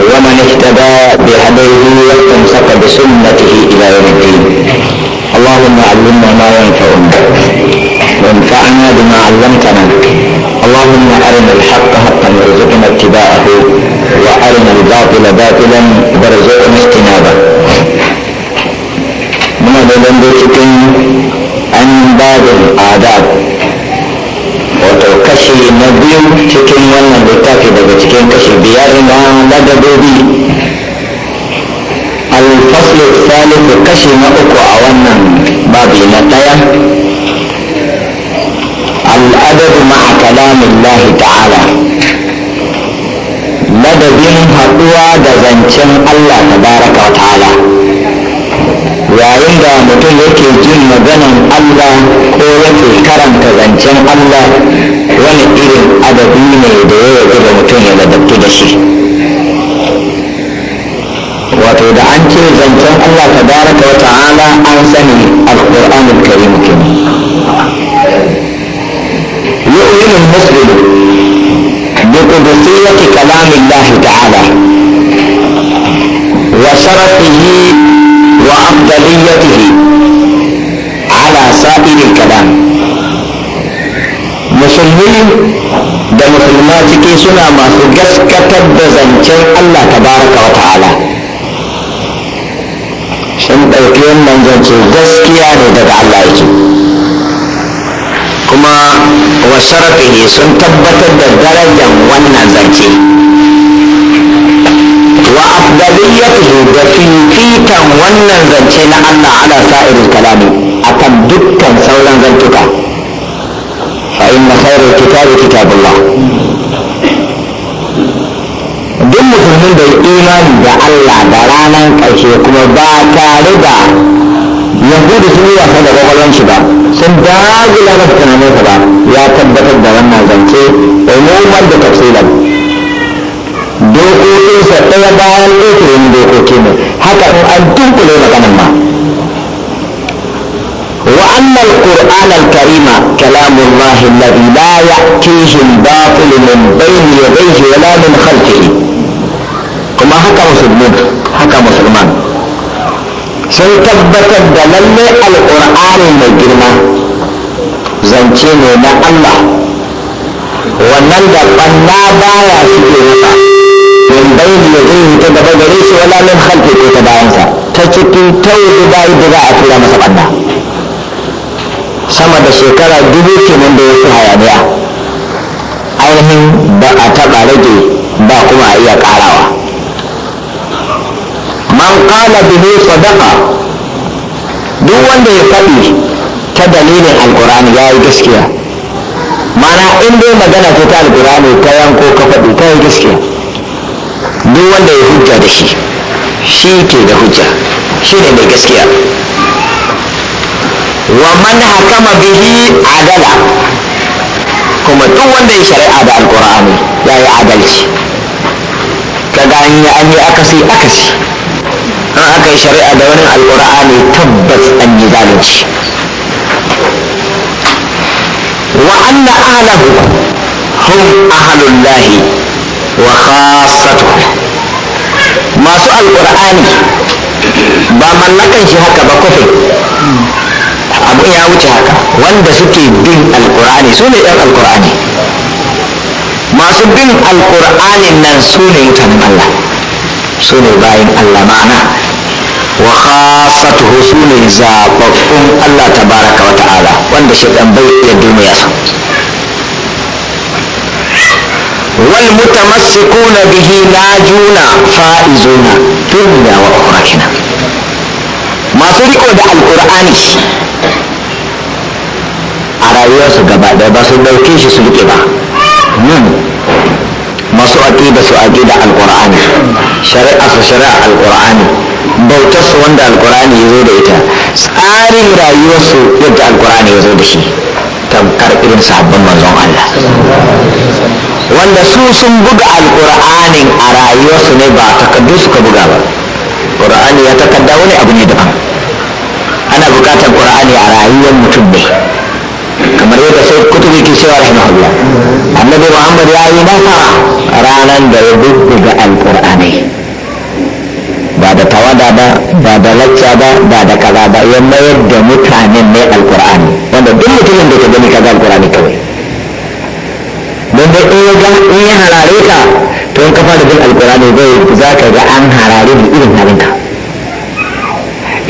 ومن اهتدى بهديه واستمسك بسنته الى يوم الدين اللهم علمنا ما ينفعنا وانفعنا بما علمتنا اللهم ارنا الحق حقا وارزقنا اتباعه وارنا الباطل باطلا وارزقنا اجتنابه من da dambe cikin an babin wato kashi na biyu cikin wannan littafi daga cikin kashi biyar na ladabobi alfaslu salisu kashi na uku a wannan babi na ɗaya al'adadu ma'a kalamin lahi ta'ala ladabin haɗuwa da zancen allah tabaraka wa ta'ala yayin da mutum yake jin maganan allah can Allah wani irin adadi ne da yawa gaba mutum ya gabatu da su. wato da an ce zancen kuwa ta baraka wa ta'ala an sani al-Qur'an al-Karim kenan yu'min al-muslim bi qudusiyyati kalam Allah ta'ala wa sharafihi wa afdaliyatihi da musulma ciki suna masu gaskatar da zancen Allah ta baraka wa ta'ala sun ɗauki wannan zance gaskiya ne daga Allah yake kuma wasu sharafihi sun tabbatar da darajar wannan zance wa afdaliyatuhu da fifitan wannan zance na Allah ala sa'irin kalami akan dukkan sauran zantuka فإن خير الكتاب كتاب الله duk musulmin da imani da Allah da ranar ƙarshe kuma ba tare da yanzu da sun yi wasa da kwakwalwar shi ba sun dagula da tunanin ba ya tabbatar da wannan zance umuman da tafsilan dokokinsa ɗaya bayan ɗaya dokoki ne haka in an tunkule maganin ma أن القرآن الكريم كلام الله الذي لا يأتيه الباطل من بين يديه ولا من خلفه كما هكا مسلمون هكا مسلمان سن تثبت دلل القرآن المجرمة زنتين ما الله ونلقى دا بنا با يا من بين يديه ليس ولا من خلفه تدبا انسا تشكي تو بداية يدبا اتلا مسا sama da shekara dubu kenan da ya fi hayaniya ainihin ba a taɓa rage ba kuma a iya karawa man kala bihe sadaka duk wanda ya faɗi ta dalilin alkurani ya yi gaskiya mana in dai magana ta ta alkurani ta yanko ka faɗi ta yi gaskiya duk wanda ya hujja da shi shi ke da hujja shi ne mai gaskiya wa man hakama bihi adala kuma duk wanda ya shari'a da alqur'ani ya yi adalci kaga an yi an yi akasi akasi an aka yi shari'a da wani alqur'ani tabbas an yi zalunci wa anna ahlahu hum ahlullahi wa khassatuhu masu alqur'ani ba mallakan shi haka ba kofin abu ya wuce haka wanda suke bin alkur'ani su ne ɗan alkur'ani masu bin alkur'anin nan su ne mutanen allah su ne bayan allah ma'ana wa khasatuhu su ne zaɓaɓɓun allah baraka wa ta'ala wanda ɗan bai iya duniya san wal mutamassikuna bihi najuna fa'izuna dunya wa ukhra masu riko da alkur'ani a rayuwarsu gaba da ba su dauke shi su riƙe ba nun masu da su da alƙur'ani shari'a su shari'a alƙur'ani bautar su wanda alƙur'ani ya zo da ita tsarin rayuwarsu yadda alƙur'ani ya zo da shi tamkar irin sabbin manzon Allah wanda su sun buga alqur'anin a rayuwarsu ne ba takaddu suka buga ba qur'ani ya takadda wani abu ne daban ana bukatar qur'ani a rayuwar mutum ne kamar yadda sai kutubi ke cewa allah annabi muhammad ya yi nasara ranar da ya bubbuga Alƙur'ani ba da tawada ba ba da lacca ba ba da kaza ba ya mayar da mutanen mai alƙur'ani wanda duk mutumin da ka gani kaga alƙur'ani kawai don da in ga ya harare ka to in kafa da bin alƙur'ani zai za ka ga an harare da irin halinka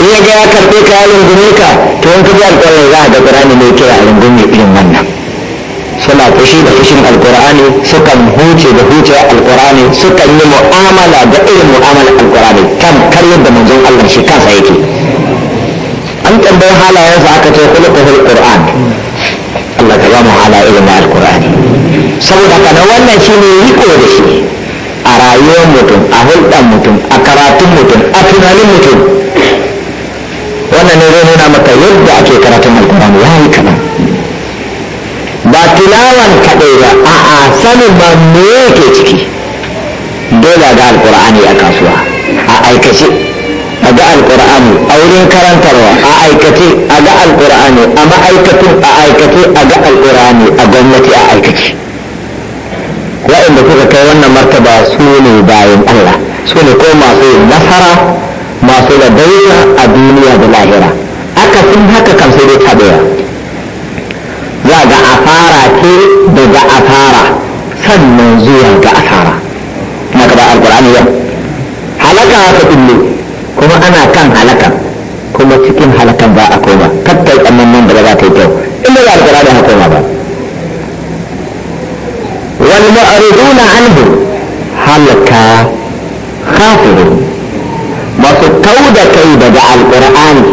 in ya ga ya karɓe ka ya rungume ka to in ka ji alƙur'ani za a ga ƙur'ani ne kira rungume irin wannan suna fushi da fushin alkur'ani sukan huce da huce alkur'ani sukan yi mu'amala da irin mu'amalar alkur'ani kan karyar da manzon Allah shi kansa yake an tambayi halayensa aka ce kulukul alkur'an Allah ka ba mu hala irin na saboda kana wannan shi ne riko da shi a rayuwar mutum a hulɗar mutum a karatun mutum a tunanin mutum ne zai nuna maka yadda ake karatun alkuran ya yi kama ba tilawan kaɗai ba a'a sanin ba me yake ciki dole ga alkur'ani a kasuwa a aikace a ga alkur'ani a wurin karantarwa a aikace a ga alkur'ani a ma'aikatun a aikace a ga alkur'ani a gwamnati a aikace waɗanda kuka kai wannan martaba su ne bayan allah su ne ko masu nasara masu da rabauta a duniya da lahira aka sun haka kan sai dai tabewa za ga afara ce daga afara sannan zuwa ga asara Kuma maka ba alkur'ani yau halaka ta kullu kuma ana kan halakan kuma cikin halakan ba a koma kakkai nan da ba za ta yi kyau inda ba alkur'ani ya koma ba wal ma'ruduna anhu halaka khafirun kau da kai daga alƙur'ani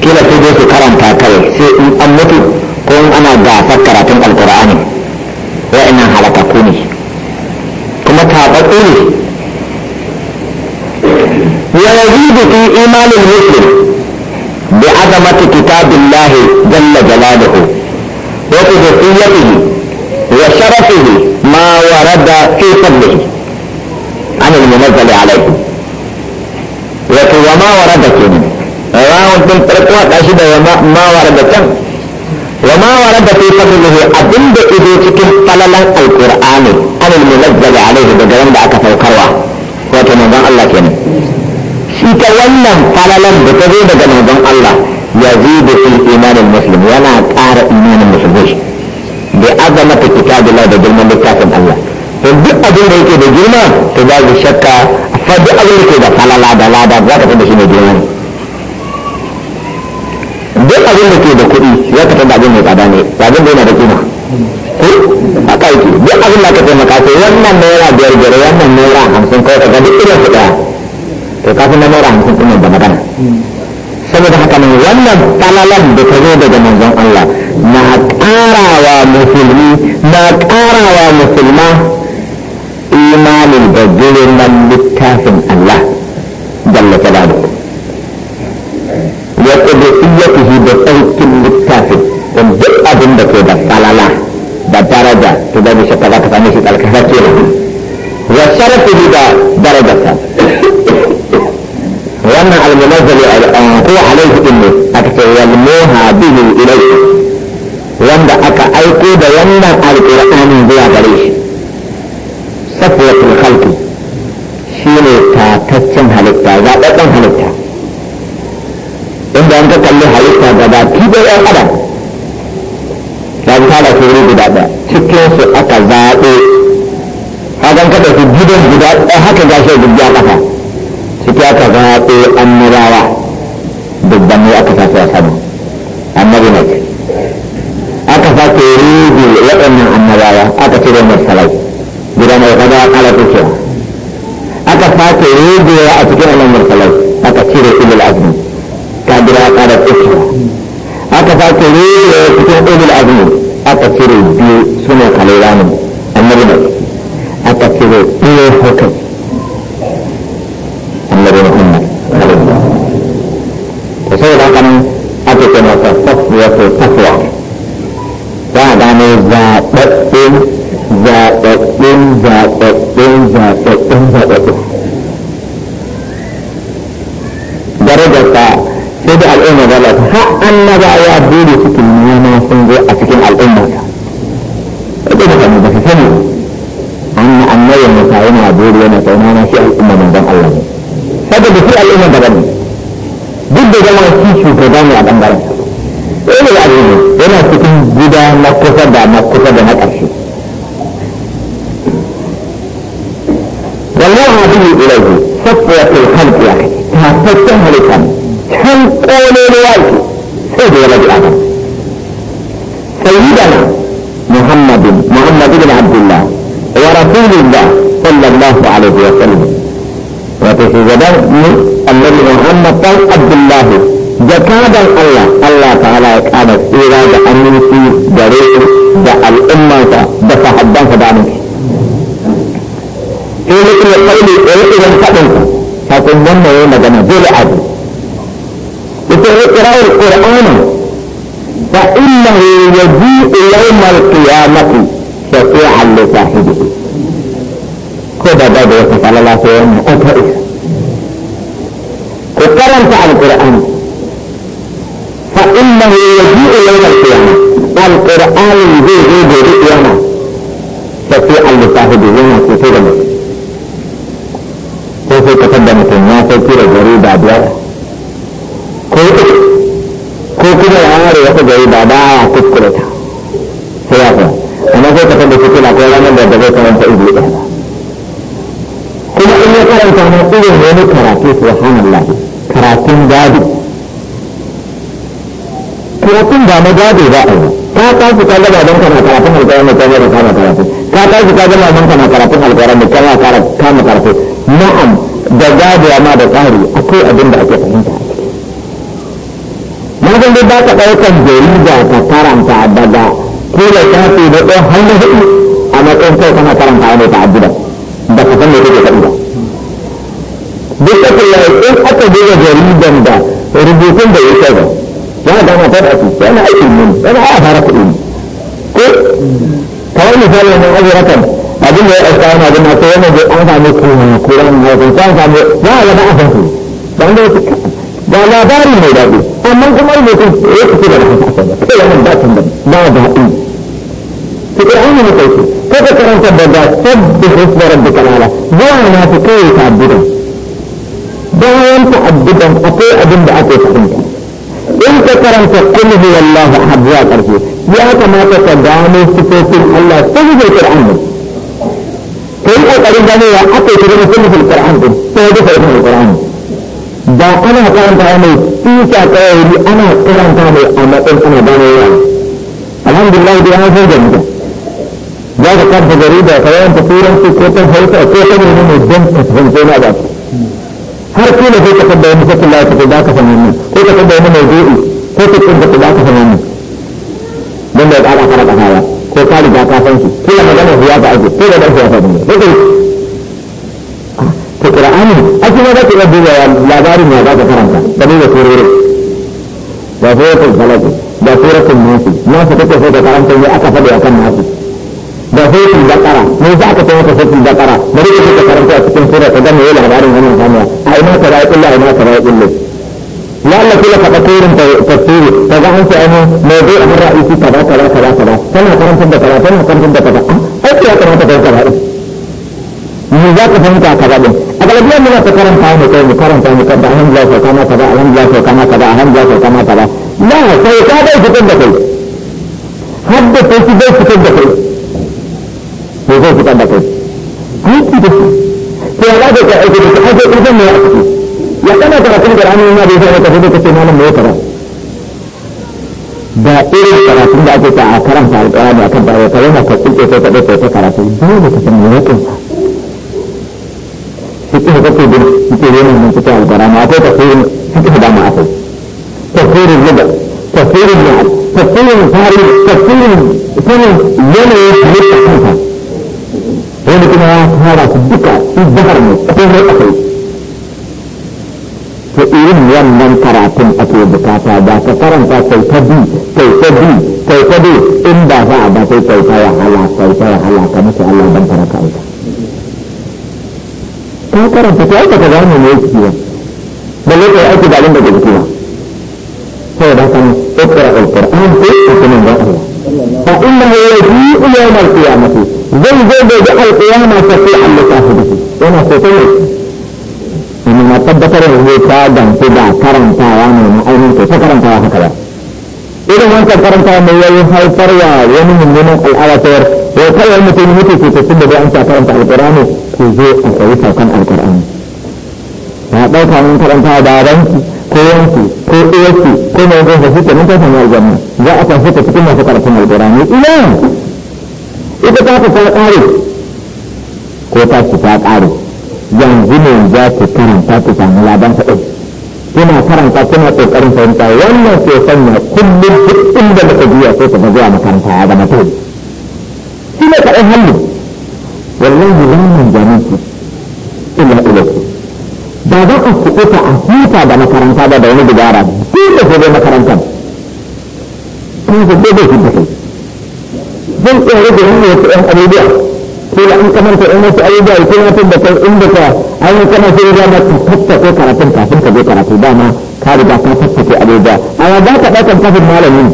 kila sai dai su karanta kai sai in an mutu ko in ana gasar karatun alƙur'ani wa'annan halakaku ne kuma taɓaɓɓu ne wa yazidu duki imanin muslim bi azamati kitabillahi jalla jalaluhu wa qudratihi wa sharafihi ma warada fi fadlihi an al-munazzali alayhi wato wa ma wara da ke rawun din farko a ɗashi da ma wara da can wa ma wara da fi fadlihi abinda ido cikin falalan alqur'ani anil munazzal alaihi daga wanda aka saukarwa wato manzon Allah kenan shi ta wannan falalan da ta zo daga manzon Allah ya yazidu fil imanin muslim yana ƙara imanin musulmi bi azamati kitabillah da girman littafin Allah to duk abin da yake da girma to shakka fa duk abin da ke da falala da lada za ka da shi mai girma duk abin da ke da kuɗi ya ka da abin mai tsada ne abin da yana da ko a kai duk abin da ka taimaka sai wannan naira biyar biyar wannan naira hamsin kawai ka ga duk irin su ɗaya to kafin na naira hamsin ɗin da magana saboda haka ne wannan falalan da ta zo daga manzon Allah na ƙarawa musulmi na ƙarawa musulma imanin da girman littafin Allah jalla jalalu ya kudusiyyatihi da tsarkin littafin in duk abin da ke da falala da daraja to da shi kaza ka same shi tsarkakake ne wa sharafihi da darajarsa wannan almunazzali ko uh, alaihi din ne aka ce yalmuha bihi ilayhi wanda aka aiko da wannan alqur'ani zuwa gare shi aswatul khalqi shine tataccen halitta ɗan halitta inda an ka kalli halitta gaba ki da yan adam ta bi tara su wuri guda ɗaya cikin su aka zaɓe hakan ka ɗauki gidan guda ɗaya haka gashi gudu a ƙasa ciki aka zaɓe annabawa dubban ne aka sa su a sama rege a cikin annan mursalai aka cire ibul azmi kabira kada tsira aka sake rege a cikin ibul azmi aka cire biyu suna kalilani annabi da aka cire ɗaya hukai annabi muhammad sallallahu alaihi wasallam to sai da kan aka ce masa tasbiyatu annaba ya gode سيدنا محمد محمد بن عبد الله ورسول الله صلى الله عليه وسلم وتشهدان النبي محمد بن عبد الله جكادا الله الله تعالى كان سيرا بأمنتي بريء بالأمة بصحبان فدعمك إيه لكي يقولي إيه إذا انتقلت فكن من يوم جنة ذي العدل يقول اقرأ القرآن فإنه يجيء يوم القيامة شفيعا لصاحبه كذا بدو على الله في يوم أكبر وكلمت عن القرآن فإنه يجيء يوم القيامة القرآن يجيء برؤيانا شفيعا لصاحبه يوم القيامة كيف تقدمت الناس في جريدة بيار ko كيف ya ware wata gari ba ba ya kuskure ta sai ya kuma amma sai ka tabbata kila ko ranar da zai karanta ido ɗaya kuma in ya karanta na irin wani karatu subhanallah karatun gado karatun ba na gado ba a yi ka tashi ka gaba don kana karatun alƙawarin da kamar kama karatu ka tashi ka gaba don kama karatun alƙawarin da kamar kama karatu na'am da gado ma da tsari akwai abin da ake fahimta wajen da baka ɗaukar jarida ka karanta daga ko da ta da ɗaya hannun hudu a matsayin kai kana karanta wani ta da ba ka san me kake faɗi ba duk da ke in aka duba jaridan da rubutun da ya kai ba da matar a cikin aikin mun fara kuɗi ko kawai misali na azurakan abin da ya ɗauka yana da masu yana an kuma kuran wajen ta ya ga ba a san su ba wanda ya ba labari mai daɗi amma kuma ne ko ya kace da haka ba sai ya ba tun da ba daɗi to ai an ne kai kada karanta da da sabbi hisba rabbika ala zuwa na ta kai ta abida bayan ta abida akwai abin da ake fahimta in ka karanta kullu huwallahu ahad ya karfi ya kamata ka gano sifofin Allah sun zai Qur'ani kai kokarin ganewa akai ta gano sifofin Qur'ani sai da sifofin Qur'ani ba ana karanta mai tusa kawai ana karanta ma a matsayin ana gane yawa alhamdulillah dai an sai da mutum za ka karanta jarida ka yawanta turanci ko ta hausa ko ta nemi mai don ka fahimce na ba har kila sai ka tabbata wani sakin lafiya ko za ka fahimce ko ka tabbata wani zo'i ko ka tabbata za ka mu don da ya ƙara ƙara ƙasa ko ka riga ka san shi kila magana ya ga ake ko da ɗan siyasa ne kuma za ki iya duba labarin ya za ka karanta ka duba turorin ba suratul falaq ba suratul nasi nasa kake so ka karanta ne aka faɗi kan nasi ba suratul baqara ne za ka tawo ka suratul ba bari ka ka karanta a cikin sura ka ga labarin wannan samuwa a ina ka rayu illa ina ka rayu illa ya Allah kula ka tafsirin tafsiri ka ga an ce an zai a ra'isi kaza kaza kaza kaza kana karantar da kaza kana karantar da kaza ah, ai ya kamata ka karanta me za ka fahimta kaza din a galibiyar muna ta karanta ne kai mu karanta mu kada alhamdulillah sai kana kaza alhamdulillah sai kana kaza alhamdulillah sai kana kaza la sai ka dai fitar da kai har da kai ki dai fitar da kai ko zai fitar da kai aiki da shi to ya da ka aiki da shi aiki ne ya kana karatun da ranar yana da yake da kace malam mai kaza da irin karatun da ake sa a karanta alƙur'ani akan da ya na ka tsike sai ka dai ka karatu dole ka san me suka kake da suke yana mun cikin albarama akwai tafsirin suka da ma akwai tafsirin zuba tafsirin da tafsirin tarihi tafsirin sanin yanayin halitta kanka wanda kuma ya fara su duka su jihar mai akwai to irin wannan karatun ake bukata ba ka karanta kai ta bi kai ta bi kai bi in ba za a ba sai kai ta wahala kai ta wahala ka musu Allah ban ka aika ka karanta sai aka kaza ne mai da lokacin aiki da abin da ke kiwa sai da kan ikra alquran ko hukumin da Allah fa innahu yaji'u yawm alqiyamah zai zo da ga alqiyama ta fi Allah ta yana sai sai amma na tabbatar da zai ta dantu da karantawa ne na ainihin ta karantawa haka ba irin wancan karanta mai yayin haifarwa wani mummunan al'adar sai kai wani mutum mutu ke tafi da bai an sa karanta alqurani ce zo a koyi saukan alkur'ani na ɗauka mun karanta babanki ko yanki ko ɗiyarki ko mai zai zafi ta nufin samu aljanna za a tafi ta cikin masu karatun alkur'ani ina ita ta ta ƙare ko ta ci ƙare yanzu ne za ku karanta ku samu ladan kaɗai kuna karanta kuna ƙoƙarin fahimta wannan ke sanya kullum duk inda muka biya sai ta zuwa makaranta ya zama tauye shi ne kaɗai hannu wallahi a kuɓuta a huta da makaranta ba da wani dubara duk da sai dai kuma da dai dai kai zan iya rage wani wasu ɗan abubuwa ko da an ta ɗan wasu abubuwa ya na tun da kan inda ka ainihin kana sai ya zama ka tattake karatun kafin ka je karatu dama ka riga ka tattake abubuwa amma za ka ɗaukar kafin malamin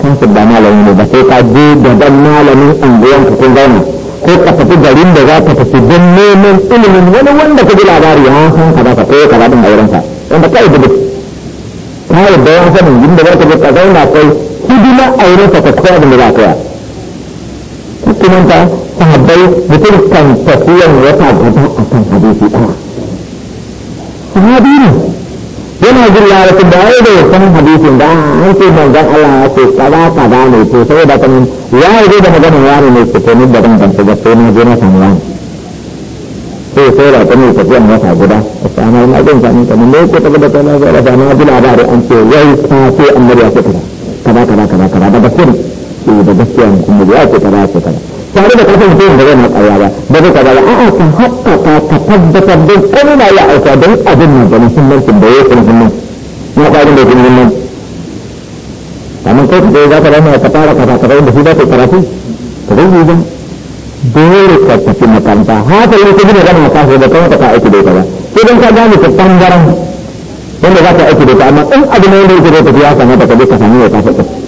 kafin ba malamin ne ba sai ka je gaban malamin anguwanka kun gani. ko kasafi tafi garin da za ka tafi don neman ilimin wani wanda ka ji labari ah, eh, ya san ka baka ko ka zaɗin aurensa wanda ka da duk ka yadda ya sanin inda za ka ka zauna kai hidima aurensa ka koya da za ka yi hukumanta sahabbai mutum kan tafiyan wata gaba a kan hadisi ɗaya sahabi ne yana jin larabci da ya da san hadisin da an ce manzan Allah ya ce kaza kaza ne to da kanin ya yi zai da maganin ya ne ke to da ban ban da sai zai je na san wani to sai da kanin ta ce masa guda a amma na jin kan kan ne ko ta da kan na da na ji labari an ce wai ka ce an ya ce kaza kaza kaza kaza da gaskiya ne da gaskiya kuma ya ce kaza ce kaza tare da kafin zuwan da zai na ba da zai kaza a'a ka haƙƙaƙa ka tabbatar don kuma ya auka don abin na da muhimmancin da ya yi muhimman ya ƙwari da yake muhimman amma kai ka za ka rana ka fara kaza kaza da shi za ka karatu ka zai yi dole ka tafi makaranta haka yau kuma zan na kasu da kawai ka aiki da ita ba sai don ka gane ka ɓangaren wanda za ka aiki da ita amma in abin da yake da tafiya kamata ka je ka sami ya kasa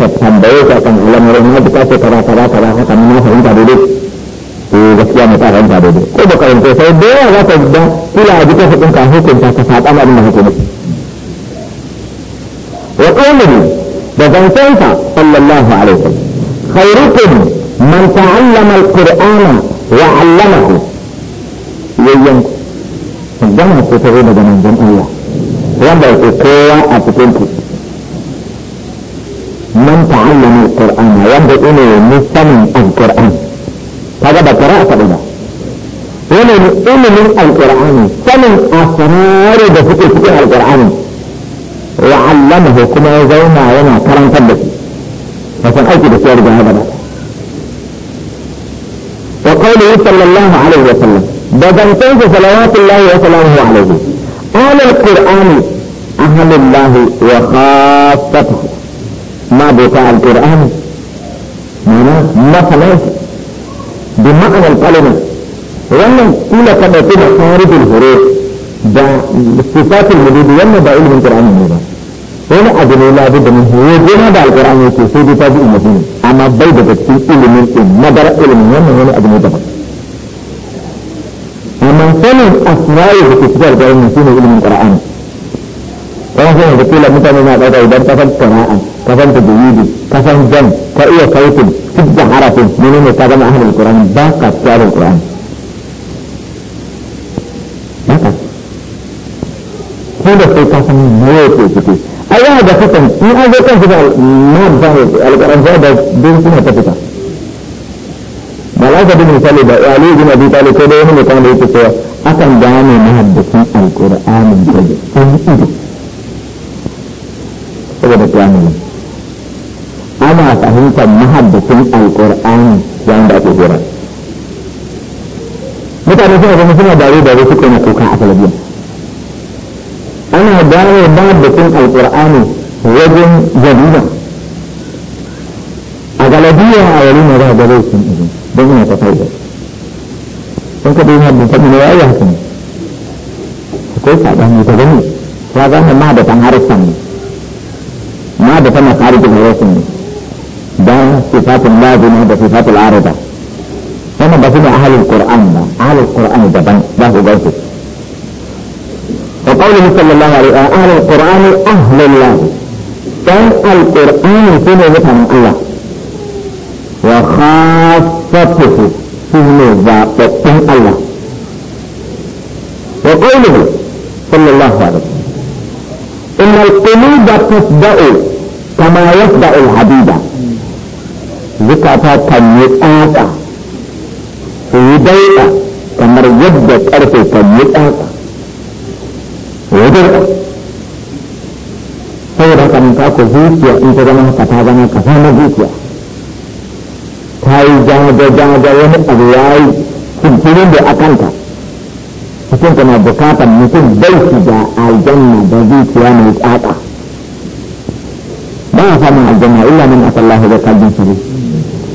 ka tambaye ka kan al'amarin na duka ce kaza kaza kaza haka mun fahimta daidai eh gaskiya ne ta fahimta daidai ko ba karanta sai da yawa za ka da kila a duka hukun ka hukunta ka saɓa abin da kake nufi wa qawluhu da zancensa sallallahu alaihi wasallam khairukum man ta'allama al-qur'ana wa 'allamahu yayyanku magana ko ta zo daga Allah wanda ya kowa a cikin ku من تعلم القرآن وانده إنه مثمن القرآن هذا بقراءة بدا إنه من القرآن سمن أسرار بفكر فكر القرآن وعلمه كما يزونا وما كرم تبكي فسن أيكي بسيار هذا بقى وقوله صلى الله عليه وسلم تنسى صلوات الله وسلامه عليه قال القرآن أهل الله وخاصته ما بوتا القرآن معنى مثلا بمعنى الكلمه وانا كل كما تبع خارج الهروف دا صفات المدود وانا دا علم القرآن المدود وانا عدل الله بد من هو جنا دا القرآن يكي سيد تازي المدين اما بيد بكتين كل من ام مدر علم وانا وانا عدل الله بد ومن ثمن اسرائه كتبار دا علم القرآن wani sai yanzu kila mutane na ɗauka idan ka san qira'a ka san tajwidi ka san jan ka iya kaifin duk da harafin menene ka zama ahlul qur'ani ba ka tsare qur'ani ko da kai ka san me ke ciki ai yana da kasan in an zo kan fita na da alƙur'an sai da dun suna ta fita ba za ka bi misali da ali bin abi talib ko da wani mutum da yake cewa akan gane mahaddisin alƙur'anin da sun ido saboda zamani ana fahimtar mahaddacin alƙur'ani yayin da ake jira mutane suna zama suna dare dare suke na kuka a talabiyar ana gane mahaddacin alƙur'ani wajen jami'a a galabiyar a wani na za a gaba sun izu don ina ta fa'ida sun kaɗai yin haddin fadin ya yi haka ne akwai saɓani ta gani ta zama ma da ɗan harsan ne rasin ne dan sifatun lazimi da sifatul arada kuma ba ne ahalul qur'an ba ahalul qur'an daban ba su ga su wa qawlu sallallahu alaihi wa sallam ahalul qur'an ahlul al qur'an su ne mutanen Allah wa sallallahu alaihi wa sallam إن القلوب ma yasda al-hadida zukata kan yi tsaka su yi daita kamar yadda karfe kan yi tsaka wajen saboda haka mun ku zuciya in ta zama haka ta zama ka zama zuciya ta yi jaga-jaga wani abu ya yi kuntunin da a kanta cikin na bukatar mutum bai shiga aljanna da zuciya mai tsaka. ma sama aljama illa min asallahu wa Allah sari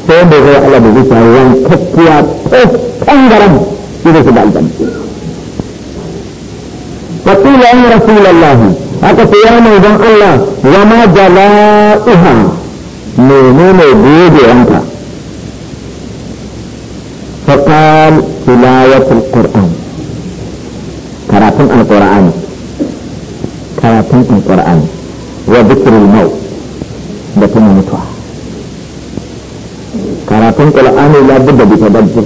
to be ko ala be ta yang kokia ko pangaram ide se Rasulullah. Aku tiada dengan Allah. Wama jala uham. Nenek nenek dia angka. Fakal tulayat Al Quran. Karapan Al Quran. Karapan Al Quran. Wabitul maut. da tuna mutuwa karatun ƙul'ani la budda bi tadabbur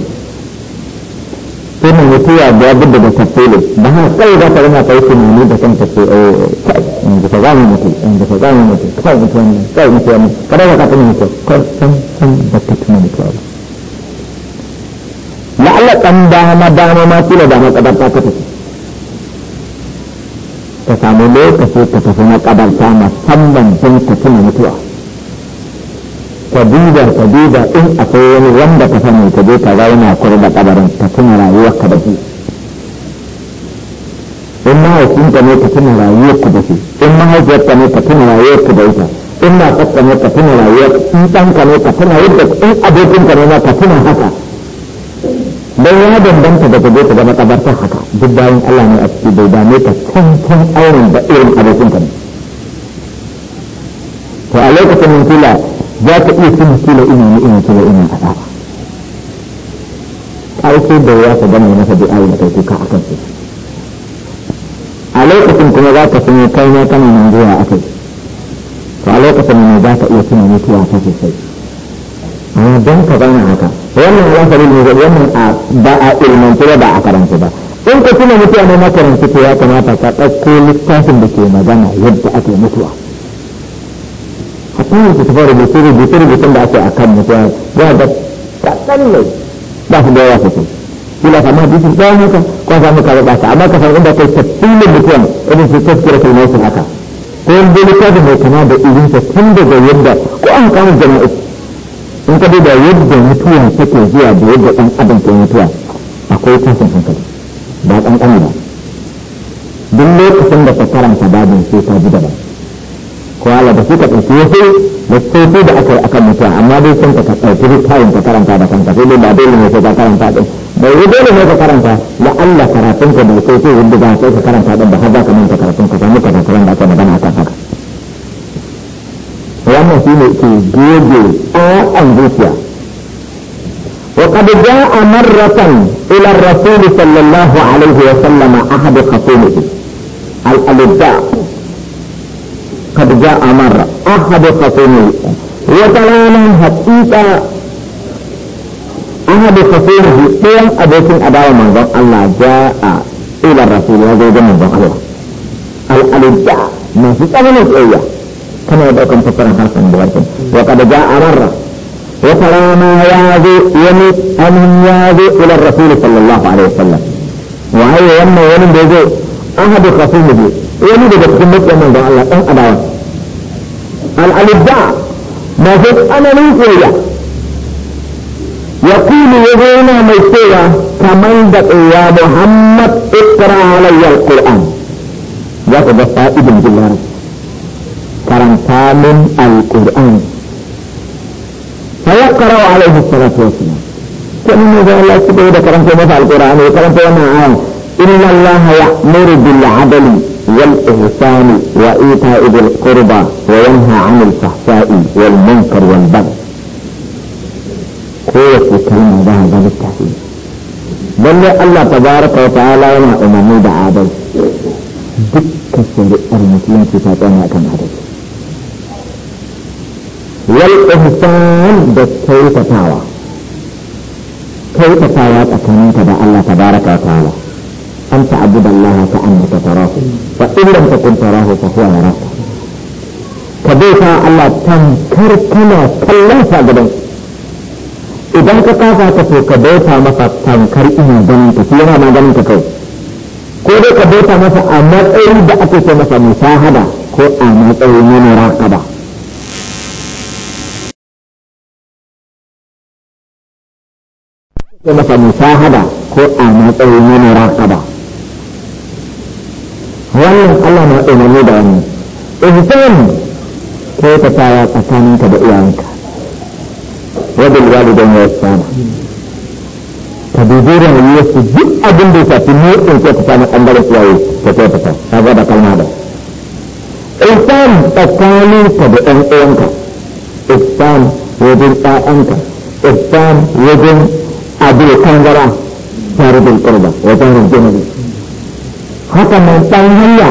tuna mutuwa ya budda da tafsiri da haka kai za ka rana kai ni da kan tafsiri oh, kai in da za mutu in da za mutu kai mutuwa ne kai mutuwa ne kada ka tuna mutuwa kai san san da ta tuna mutuwa ba la'alla kan dama dama ma kila da makabarta ta tafi ka samu lokaci ka tafi makabarta musamman don ka tuna mutuwa ka duba in akwai wani wanda ka sani ka je ka zauna kwar da kabarin ta tuna rayuwar ka da shi in mahaifin ka ne ka tuna rayuwar ka da shi in mahaifiyar ka ne ka tuna rayuwar ka da ita in na ka ne ka tuna rayuwar in ɗan ka ne ka tuna yadda in abokin ka ne ma ka tuna haka don ya dambanta da ka je ka zama kabarta haka duk bayan Allah ne a ciki bai dame ka cancan auren da irin abokin ka ne to a lokacin mun kula za ka iya sun kilo ina ne ina kilo ina ɗaya ƙarfi da ya ka gama masa da ayi da kai kuka a kan su a lokacin kuma za ka sanya kai na kana nan zuwa a kai to a lokacin ne za ka iya cin mutuwa ta sosai amma don ka gane haka wannan ya faru ne wannan ba a ilmantar ba a karanta ba in ka tuna mutuwa ne makaranci to ya kamata ka ɗauko littafin da ke magana yadda ake mutuwa sun su tafi rubutu rubutu rubutun da ake a kan mutuwa ya ga kaɗan ne ba su da yawa sosai kila samu hadisin tsawon haka ko samu kaza ba amma ka san inda kai tafsilin mutuwan irin su tafsira kalmai su haka ko wani littafi mai kama da irin ta tun daga yadda ko an kama jama'a in ka da yadda mutuwan take zuwa da yadda ɗan adam ke mutuwa akwai tashin hankali ba ɗan ɗan ba duk lokacin da ka karanta babin sai ka ji daban ko da suka tsinci wasu lissofi da aka yi akan mutuwa amma dai sun ka ɗauki littafin ka karanta da kanka sai dai ba dole ne sai ka karanta din bai yi dole ne ka karanta la Allah karatun ka bai kai wanda ba sai ka karanta din ba har za ka manta karatun ka sai muka karatun da aka magana akan haka wannan shi ne ke goge ɗan zuciya وقد جاء مرة إلى الرسول صلى الله عليه وسلم أحد خصومه الألداء قد جاء مرة أحد خصومه وتلانا حقيقة أحد خصومه قيام أبوكم أداوة من الله جاء إلى الرسول وزيد من الله الألجاء ما في تغلق إياه كما يدعوكم فكرا خاصا بغيركم وقد جاء مرة وترانا ياذي يمت أمن ياذي إلى الرسول صلى الله عليه وسلم وهي يمن يمن بيجي أحد خصومه wani daga cikin matsayin manzon Allah ɗan adawa al'alidda masu tsananin tsoya ya kulu ya zauna mai tsoya kamar da tsoya Muhammad ikra halayyar Qur'an za ka ga fa'idin jillar karanta min al-Qur'an fa yaqra alaihi salatu wassalam kuma ne da Allah ya da karanta masa al-Qur'an ya karanta wannan aya inna Allah ya'muru bil 'adli والإحسان وإيتاء ذي القربى وينهى عن الفحشاء والمنكر والبغي قوة الكلمة ده باب التحسين بل الله تبارك وتعالى وما أمامي بعادل دكة في كتابنا كم عدد والإحسان بالكيف تاوى كيف تاوى تكلمت ده الله تبارك وتعالى أن تعبد الله كأنك تراه فإن لم تكن تراه فهو يراك كبيرا الله تنكر كما كلا فاقدا إذا كتابا تفو كبيرا ما تنكر إن جنك فيها ما جنك كو كودو كبيرا مفا أمر أي دعتك مفا مساهدة كو أمر أي من راقبة ko masa musahada ko a matsayin na muraqaba wannan Allah na umarni da wannan ihsan ko ta tsaya ka da iyayenka wajen wani walidan ya sana ka dubi rayuwar su duk abin da ya shafi motsin ko ta samu ɓangaren iyaye ta ko ta ta ta ga da kalma da ihsan ka da ɗan uwanka ihsan wajen ɗa'anka ihsan wajen abokan gara tare da ƙurba wajen rajin haka mai san hanya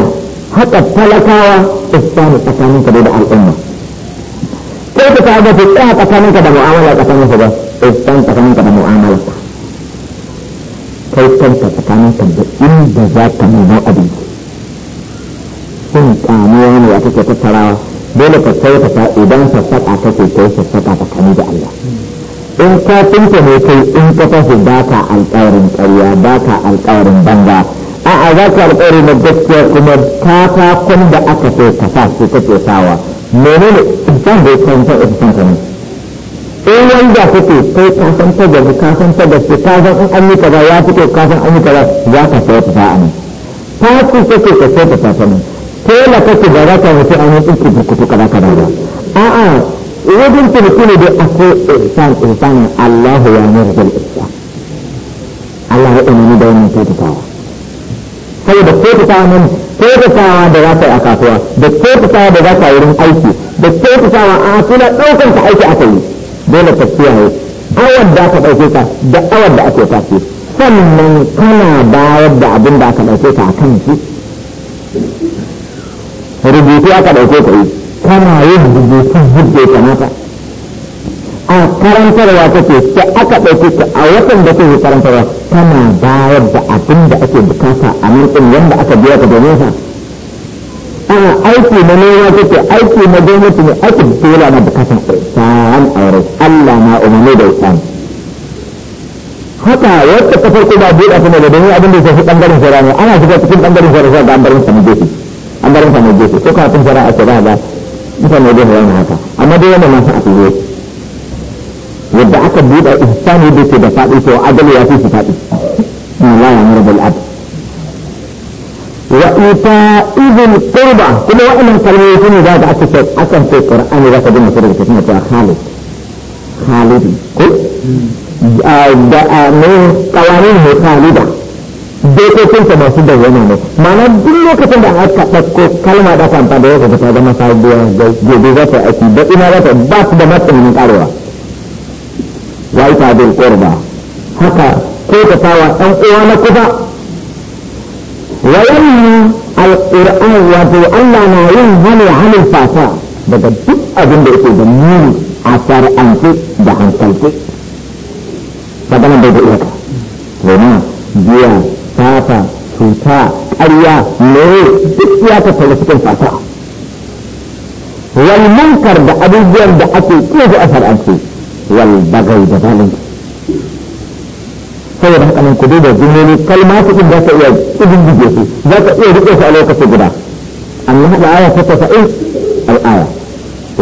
haka talakawa ihsani tsakanin ka da al'umma ko ka kaga fi tsaya tsakanin ka da mu'amala tsakanin ka ba ihsani tsakanin ka da mu'amala kai kanka tsakanin ka da inda za ka nuna abinci sun kamuwa ne a kake tattarawa dole ka kyautata idan sassaƙa kake kai sassaƙa tsakani da Allah in ka tunta ne kai in ka tafi ba ka alƙawarin ƙarya ba ka alƙawarin banga Allah za ka alƙawari na gaskiya kuma katakon da aka ce ka sa shi kake sawa menene insan da ya kanta insan ka ne in wanda kake kai ka san ta gaba ka san ta su ka san in an yi kaza ya fito ka san an yi kaza za ka sai ta sa'a ne ta ku kake ka sai ta sa'a ne ko la kake da za ka mutu an yi tsinki da kutu kaza kaza ba a'a wajen tuntu ne da akwai insan insanin Allah ya nuna da insan kyautata mana kyautatawa da za ka yi a kasuwa da kyautatawa da za ka yi wurin aiki da kyautatawa a suna ɗaukar ka aiki aka yi dole ka kiyaye awar da aka ɗauke ka da awar da ake tafi sannan kana bayar da abin da aka ɗauke ka a kan shi rubutu aka ɗauke ka yi kana yin rubutu yadda kamata a karantarwa take sai aka ɗauki ta a watan da take karantarwa tana bayar da abin da ake bukata a mulkin ɗin wanda aka biya ka domin sa a'a aiki na noma take aiki na gwamnati ne aiki da dole na bukatan ihsan aure Allah na umarni da ihsan haka wacce ta farko ba buɗa ta ne da domin abin da ya shafi ɓangaren shara ne ana shiga cikin ɓangaren shari'a ga ɓangaren sa na gefe ɓangaren sa gefe ko kafin shara a ba ba mutane da haka amma dai wanda masu tuzo aka buɗe ihsani da ke da faɗi to adal ya fi shi faɗi wa ita kuma wa'annan kalmomi sun da ga aka ce ce qur'ani za ka dinga da kuma ta ko da ne kawanin ne dokokin ta masu dawwama ne ma'ana duk lokacin da aka ɗauko kalma da kan ta da yau zama sabuwa gobe za ta aiki da ina za ta ba su da matsayin karewa وإيسى qurba haka ko ta wa dan uwa na kusa wa yanni wa wato Allah na yin hali hannun fata daga duk abin da yake da muni a far'ance da hankalce magana bai da iyaka domin biya fata cuta ƙarya mere duk ya tattala cikin fata wal munkar da abubuwan da ake ƙoga a far'ance والبغي بذلك saboda أن nan ku كلمات jimloli kalma su in za ka iya ibin gije su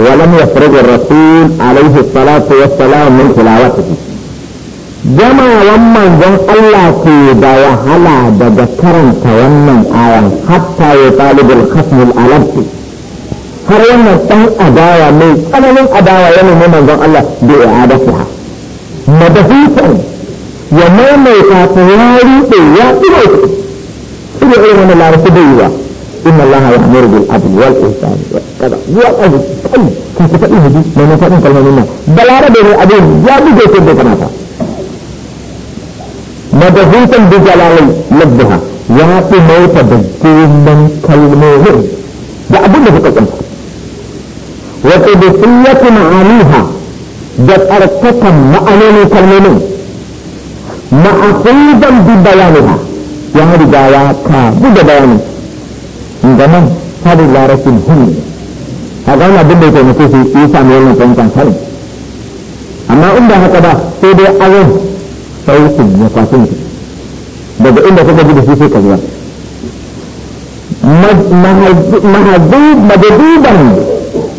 ولم يفرج الرسول عليه الصلاة والسلام من تلاوته جمع لما جمع الله كيدا وهلا دجكرا تومن آية حتى يطالب الخصم الألبسي har wannan ɗan adawa mai tsananin adawa yana mai manzon Allah da i'adatu ha madafifan ya maimaita ta ya ruɗe ya tsira ku tsira irin wani larabci bai yi ba inna Allah ya hamar da adl wal ihsan kaza ya kaza kai ku ku faɗi na faɗin kalmomin nan balarabe ne abin ya buge ko da kamata bi jalalai labbaha ya fi mota da goman kalmomin da abin da suka tsanta wata da sun yasu ma'aniha da tsarkakan ma'anonin kalmomin ma'afin zan bi bayanin ya riga ya kabu da bayanin inda nan tabi larafin hin a gama duk da ya taimake su yi sami wannan tsarkan karin amma inda haka ba sai dai awon sauƙin ya kwafin su daga inda kuka ji da su sai kazuwa mahajjin madadiban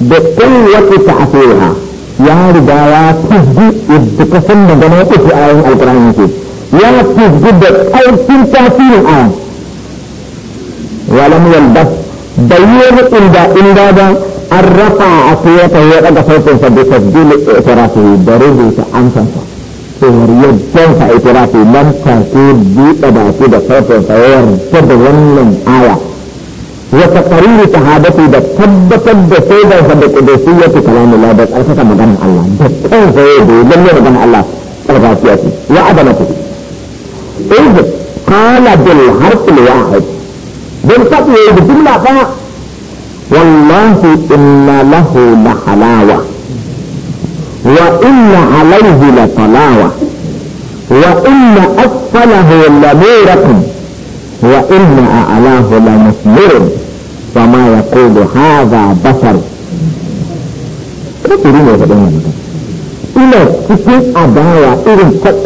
da kowace ta asiriha ya riga ya tuzgi yadda ka da gama uku a yin alkur'ani ke ya tuzgi da ƙarfin tasirin a walam yalbas da yi inda inda ba an rafa a siyata ya daga sautinsa da tasdili itirafi da rubuta amsansa cewar yaddansa itirafi lam tafi buɗe baki da sautinsa ya yarda da wannan aya وتقرير شهادتي ده ثبت بسيدة وحد قدسية كلام الله إيه ده أركت مدن الله ده كان سيدي لم يردن الله ترغاسيتي وعدمته إذ قال بالحرف الواحد بالقطع بالجملة فا والله إن له لحلاوة وإن عليه لطلاوة وإن أسفله لمورة وإن أعلاه لمثمر فما يقول هذا بشر كثيرين يقولون ina cikin adawa irin can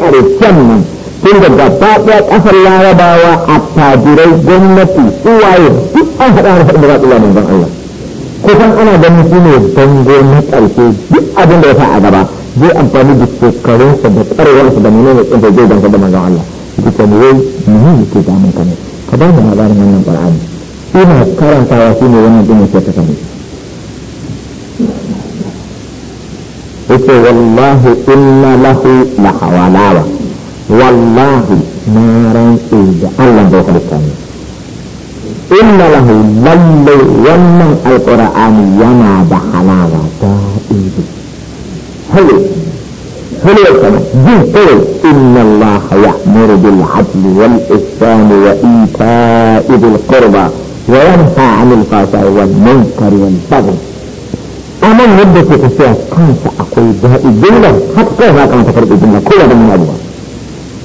nan tun da gaba ɗaya ƙasar larabawa a tajirai gwamnati uwaye duk an haɗa faɗin da zaɓi lamun don Allah kusan ana ganin shi ne bango na ƙarfe duk abin da ya sa a gaba zai amfani da shekarunsa da ƙarewarsa da nuna da tsinta zai gamsa da manzon Allah kita boleh menghidup kita amalkan kadang Kadang dengan ada dengan enam peran. Ini sekarang saya sini dengan ini kita kami. Itu wallahu inna lahu lahawalawa. Wallahu marang ija. Allah berkata kami. Inna lahu lalu wannang al-Quran yama bahalawa. Da'idu. Halus. فليكن إن الله يأمر بالعدل والإحسان وإيتاء ذي القربى وينهى عن الفحشاء والمنكر والبغي أما في الأشياء كنت أقول بها الجملة حتى كيف كانت تفرق الجملة كل هذا من أبوها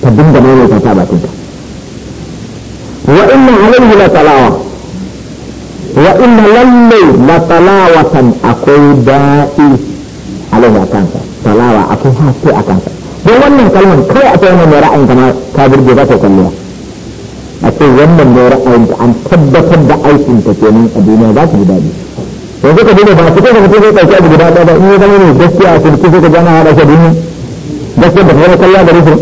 تبين دمانه تتابع كنت وإن عليه لتلاوة وإن للي لتلاوة أقول بها عليه أكانتها salawa akwai haske a kansa don wannan kalmar kawai akwai wannan mai ra'ayin kama ta burge ba ta ba a ce wannan mai ra'ayin ta an tabbatar da aikin ta kenan a duniya za su ji daɗi yanzu ka duba ba su kai ka kai ɗauki a guda ɗaya ba in ya zama ne gaskiya a sulki sai ka gana haɗa shi duniya gaskiya da kuma kallon da rufe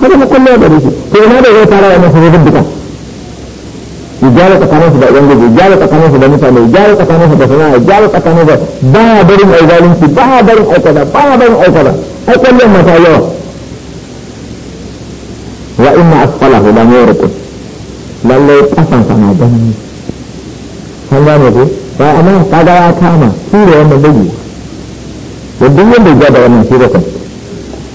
kuma kallon da rufe to ina da zai fara wannan su zai duka gyara tsakaninsu da ubangiji gyara tsakaninsu da mutane gyara tsakaninsu da sana'a gyara tsakaninsu ba a barin aizalinsu ba a barin aikata ba a barin aikata a kwallon mata yawa wa ina a su da lam ku lallai kasan sana ganin kan gane ku ba amma kaga ya kama shi da wannan da yadda yadda ya da wannan shi da kansa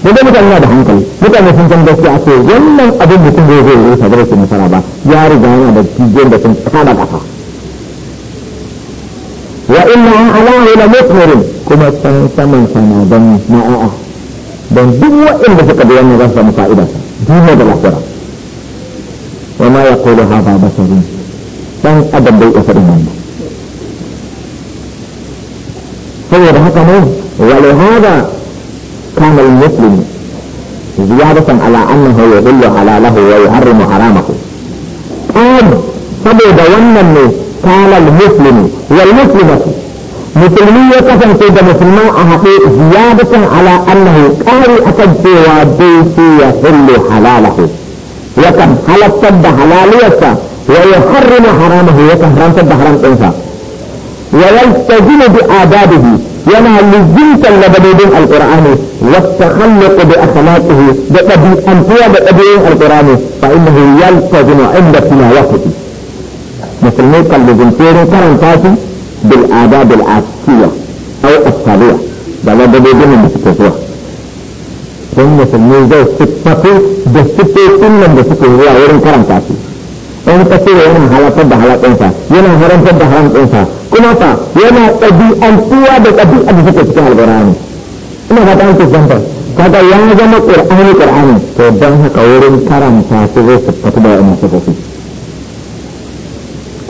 ko da mutane da hankali mutane sun san gaskiya ce wannan abin mutum zai zai yi sabar su nasara ba ya riga yana da tijiyar da sun tsada kafa wa inna alawai na musmirin kuma san saman sana don ma'a'a don duk wa'inda suka da wannan za su samu fa'ida duniya da lafiya wa ma yaqulu ba basharun dan adam bai isa nan ba saboda haka ne wa li hada كان المسلم زيادة على أنه يغل على له ويحرم حرامه قال قام دون دواناً قال المسلم والمسلمة مسلمية كفن سيدة مسلماء أحقي زيادة على أنه قاري أتجت وديسي يحل حلاله وكم حلت تد حلاليسا ويحرم حرامه وكهرم تد حرام إنسا ويلتزم بآدابه yana lizinta labadodin alqur'ani wa takhalluqu bi akhlaqihi da tabi'an tuwa da tabi'an alqur'ani fa innahu yalqadu 'inda kuna waqti مسلمي قال لجن تيرو كان فاتي بالآداب العاسية أو التابية بلا بدو جنة بسكتوا ثم مسلمي جو ستاكو بسكتو كل من بسكتو هو أورن كرم فاتي أين تسير أين حالة فد حالة أنسا ينا هرم kuma fa yana ɗabi'antuwa da ɗabi'a da suke cikin alƙur'ani ina fata an kusanta kaga ya zama ƙur'ani ƙur'ani to don haka wurin karanta su zai siffatu da wa'annan sifofi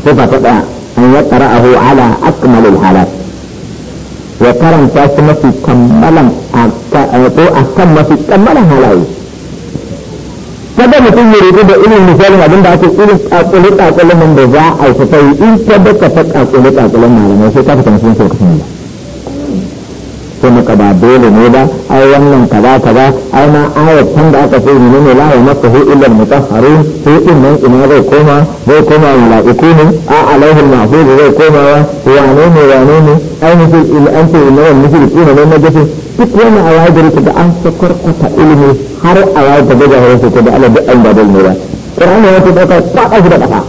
sifa ta ɗaya an ya ƙara'ahu ala akmalul halat ya karanta su mafi kammalan eh, a kan mafi kammalan halaye kada mutum ya rubu da irin misalin abin da ake irin tsakuli kakulen nan da za a fita yi in ka da ka ta tsakuli kakulen malamai sai ka fita sai ka kasance ko maka ba dole ne ba ai wannan kaza kaza ai na ayatan da aka ce ne ne la ya maka hu illa mutahharun sai din nan ina zai koma zai koma malaiku ne a alaihi mahfuz zai koma wa wane ne wane ne ai mutum in an ce ne mutum ne na duk wani a waye da an sakar kwata ilimi har a waye da daga hawa su da ala duk an ba dai ba Qur'an ya ce dauka kwata shi da kafa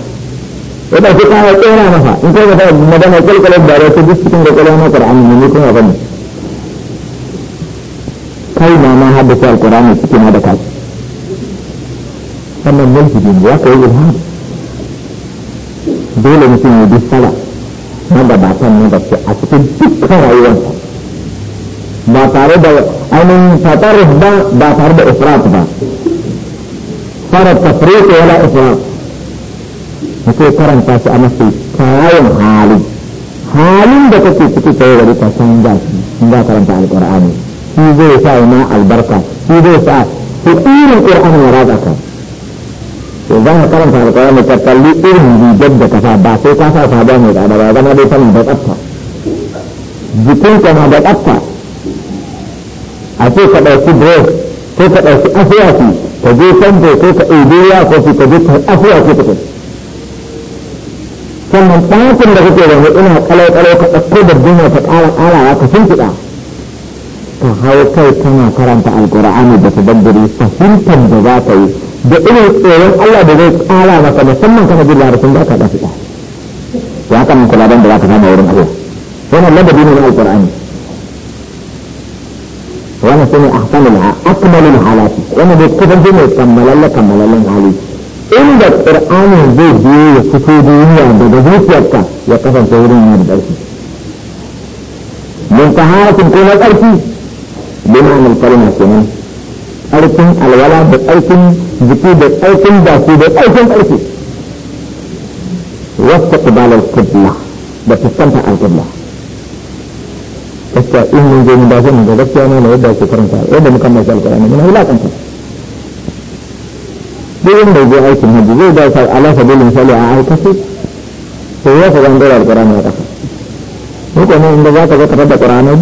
wanda shi ka tsora masa in kai da magana kalkalar da ya duk cikin da kalmar Qur'an ne ne kuma bane kai ma na haddace alqur'ani cikin da kai wannan mulki ne ya kai ilham dole mutum ya bi sala magabatan na gaske a cikin dukkan rayuwarsa ba tare da ainihin tataruf ba ba tare da ifrat ba fara tafriq wala ifrat sai karanta shi a mafi kayan hali halin da kake ciki kai gari ka canza shi in za karanta alqur'ani shi zai sa ina albarka shi zai sa ku irin qur'ani ya raza ka to za ka karanta alqur'ani ka kalli irin rigar da ka sa ba sai ka sa sabuwa mai tsada ba zama dai sanin da tsafta jikinka na da tsafta a ce ka ɗauki break ko ka ɗauki afuwaki ka je canto ko ka ɗaiɗe ya kofi ka je ka afuwaki ka kai sannan ɗakin da kake zaune ina kalau-kalau ka ɗauko da duniya ka ƙara ƙarawa ka shimfiɗa ka hau kai kana karanta alƙur'ani da ta fahimtar da za ka yi da ina tsoron Allah da zai ƙara maka musamman kana jin larabcin za ka ɗafi ɗa ya kan kula da za ka zama wurin Allah wannan ladabi ne na alƙur'ani wani su ne ahsanul akmalul halati wani da kusan shi ne kammalalle kammalallen hali inda qur'anin zai je ya fito duniya daga zuciyarka ya kasance wurin yana da ƙarfi mun taharatin ko na ƙarfi bima'anar kalma kenan ƙarfin alwala da ƙarfin jiki da ƙarfin baki da ƙarfin ƙarfi wasu ƙubalar kubla da fuskantar alƙubla gaskiya in mun je mun dace mun ga gaskiya na yadda ake karanta yadda alƙur'ani muna ya aikin hajji zai da sa ala a to a mutane inda za ka ƙur'ani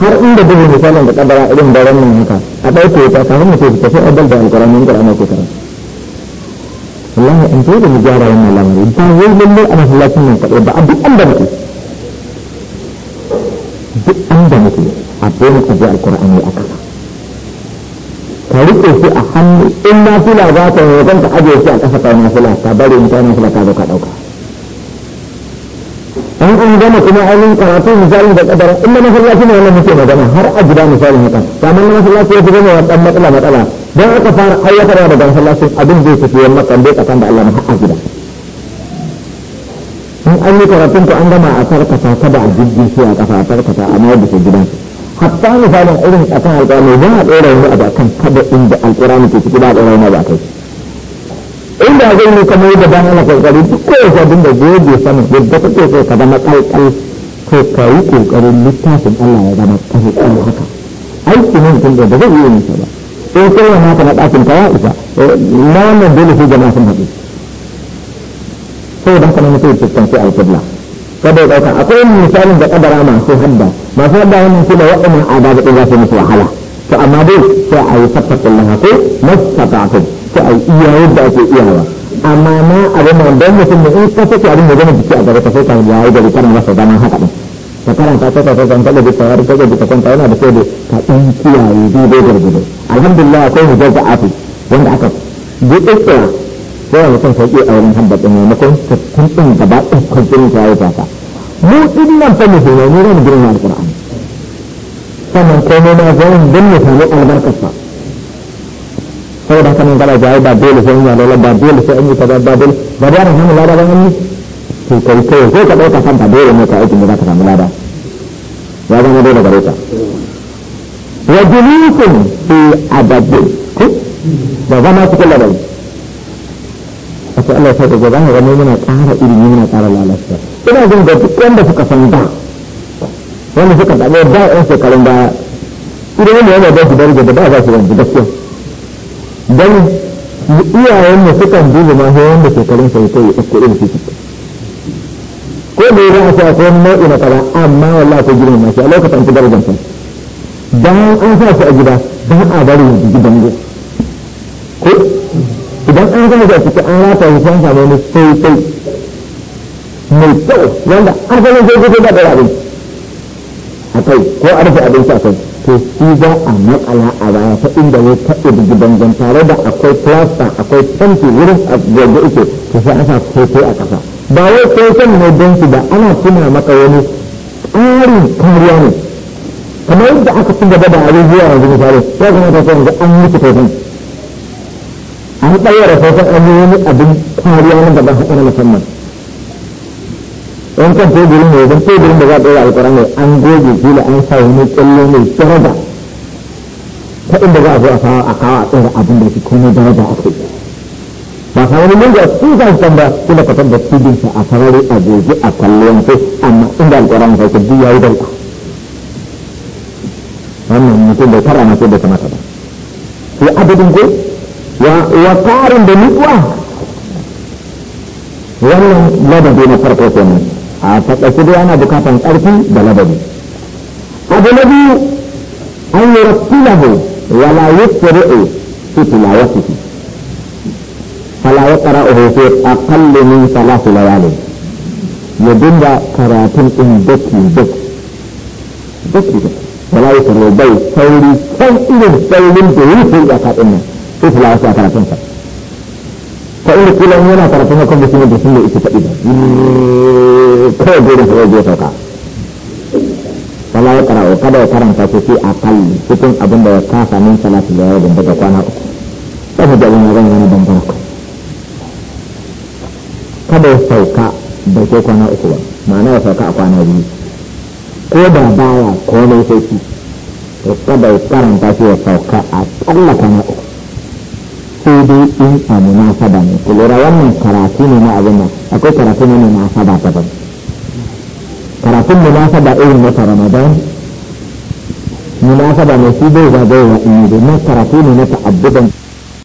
ba inda misalin da kadara irin haka ta ce a da mu gyara wannan lamari ba wai lallai a masallacin nan kaɗai ba a duk an mutum inda muke a bayan alkur'ani a kasa ka shi a hannu in na fila za ka yi ka ajiye shi a kasa ka na fila ka bari in ka na fila ka zo ka ɗauka an an gama kuma ainihin karatu misalin da kadara in na masallaci ne wannan muke magana har a gida misalin haka kamar na masallaci ya fi zama wa matsala matsala don aka fara aiwatarwa daga masallacin abin zai tafi yamma kan bai tsakan da Allah na har a gida an yi karatun ku an gama a karkata ta a jirgin shi a kafa a karkata a mayar da shi gidan hatta misalin irin a akan alƙurani ba a ɗora a da kan kada inda alƙurani ke ciki ba a ɗora wani abu kai inda zai yi kamar yadda ban ala kokari duk kowace abin da goge sanin yadda kake so ka zama ƙalƙal ko ka yi ƙoƙarin littafin Allah ya zama ƙalƙal haka aiki ne mutum da ba zai yi nisa ba in kowane haka na ɗakin ka ya isa eh, na nan dole sai jama'a sun haɗu saboda haka nan sai fuskanci alƙibla ka dai ɗauka akwai misalin da kadara masu hadda masu hadda wannan su da waɗannan adab da za su musu wahala to amma dai sai a yi fattakin laha ko mastatatun sai a yi iya yadda ake iyawa amma na abin nan don mutum ne in ka sake abin da zama jiki a gare ka sai ka yayi gari kana masa zaman haka ɗin ka karanta ta ta san kada bisa yar kaga bisa kanta yana da sai da ka ɗin kiyaye daidai gurgudu alhamdulillah akwai mujazza'atu wanda aka duk tsira yana mutum sauƙi a wurin kan habbaɗin maimakon kun ɗin gaba ɗin kwanciyar ta yi fata mu ɗin nan fa musulmai ne ne ne zan girma alƙur'ani sannan komai na zan don mu samu albarkarsa saboda haka nan gaba jaye ba dole sai an yi alwala ba dole sai an yi kaza ba dole ba da yaran hannu lada ba an yi to kai kai sai ka ɗauka kanta dole ne ka aiki da za ka samu lada ya zama dole gare ka wa julusun fi adabin ko da zama cikin labari to Allah sai gaba ga gane muna ƙara ilimi muna ƙara lalacewa ina jin da duk wanda suka san da wanda suka da da ɗan shekarun baya idan wanda yana da su da da ba za su wanda gaskiya dan iyayen mu sukan duba ma sai wanda shekarun sai kai ya ɗauko irin shi ko da ya rasa ko nau'i na kaza amma wallahi ko girma shi a lokacin ku darajar sa dan an sa su a gida ba a bari gidan ko idan an gama da cikin an rata shi san samu ne sai sai mai kyau wanda asalin zai gudu da abinci a kai ko a rufe abinci a kai to shi za a matsala a baya ta inda ya kaɗe da gidan tare da akwai plasta akwai tanti wurin a gobe ike to sai sa koko a kasa ba wai kai kan don su ba ana tuna maka wani tsarin kariya ne kamar yadda aka ci gaba da abin zuwa yanzu misali ya kamata ka yanzu an mutu kokon an da sautan an yi wani abin kariya na gaban haɗa na musamman in kan teburin ne zan teburin da za a ɗora alƙaran ne an goge jila an sa wani ƙyallo mai daraja ta inda za a zo a kawo a kawo a tsara abin da shi komai daraja a kai ba sa wani lungu a tsuzan kan ba suna kwatar da cibinsa a farare a goge a kallonce amma inda alƙaran sai duk ya yi dalka wannan mutum bai fara na sai bai kamata ba sai adadin ko wa ƙarin da nutsuwa wannan ladabi na farko kenan a ah, taƙaice dai ana bukatan ƙarfi da ladabi abu na biyu an yi rasulahu wala yusri'u fi tilawatihi fala yaqra'uhu fi aqalli min salati layalin ya dinga karatun ɗin daki daki daki wala yusri'u bai sauri kan irin saurin da yake ya kaɗin nan sai fulawa suna karatun sa fa inda kila yana karatun sa kuma sun da sun da ita faɗi ba kawai gurin sa zai sauka wala ya kara'u kada ya karanta su fi akalli cikin abin da ya kasa min salatu da yawon daga kwana uku sai da abin ya zama wani bambara ku kada ya sauka da ke kwana uku ba ma'ana ya sauka a kwana biyu ko da baya ko ne sai to kada ya karanta su ya sauka a tsalla kwana uku sai in a munasaba ne ku karatu ne na abin akwai karatu ne na munasaba daban karatun munasaba irin wata ramadan munasaba ne shi bai zagayewa in yi domin karatu ne na ta'addudan